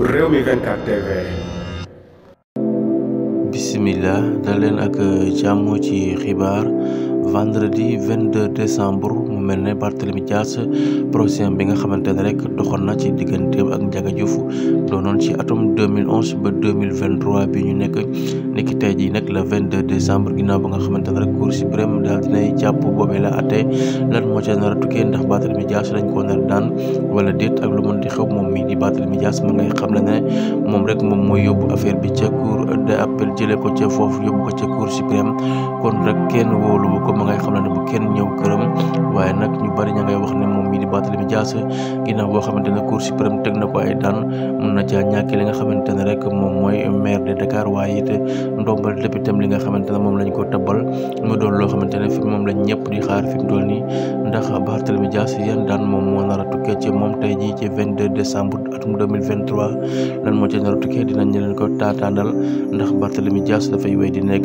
réew mi ak jàmm ci xibaar vendredi 22 décembre mu mel ne Barthélemy Dias procès bi nga xamante ne rek doxoon na ci digganteem ak Ndiaga Diouf doonoon ci atum 2011 ba 2023 bi ñu nekk. tey jii nag le 22 décembre ginnaaw ba nga xamante ne rek cour suprême daal dinay jàpp boobee la atte lan moo ca nar a tukkee ndax Barthélémy Dias dañ koo nar daan wala déet ak lu mën di xew moom mii di Barthélémy Dias ma ngay xam la ne moom rek moom mooy yóbbu affaire bi ca cour d'appel jëlee ko ca foofu yóbbu ko ca cour suprême kon rek kenn wóolu ko ma ngay xam la ne bu kenn ñëw këram waaye nag ñu bari ña ngay Dias ginnaaw boo xamante ne cour teg na ko ay daan mun na caa ñàkk li nga xamante ne rek moom mooy maire de Dakar waaye it ndombal députéem li nga xamante moom lañ ko tabal mu doon loo xamante fi moom lañ ñëpp di xaar fi mu doon nii ndax Barthélemy Dias yan daan moom moo nar a tukkee ci moom tey jii ci 22 décembre atum 2023 lan moo ci nar tukkee dinañ ñu leen ko taataanal ndax Barthélemy Dias dafay wéy di nekk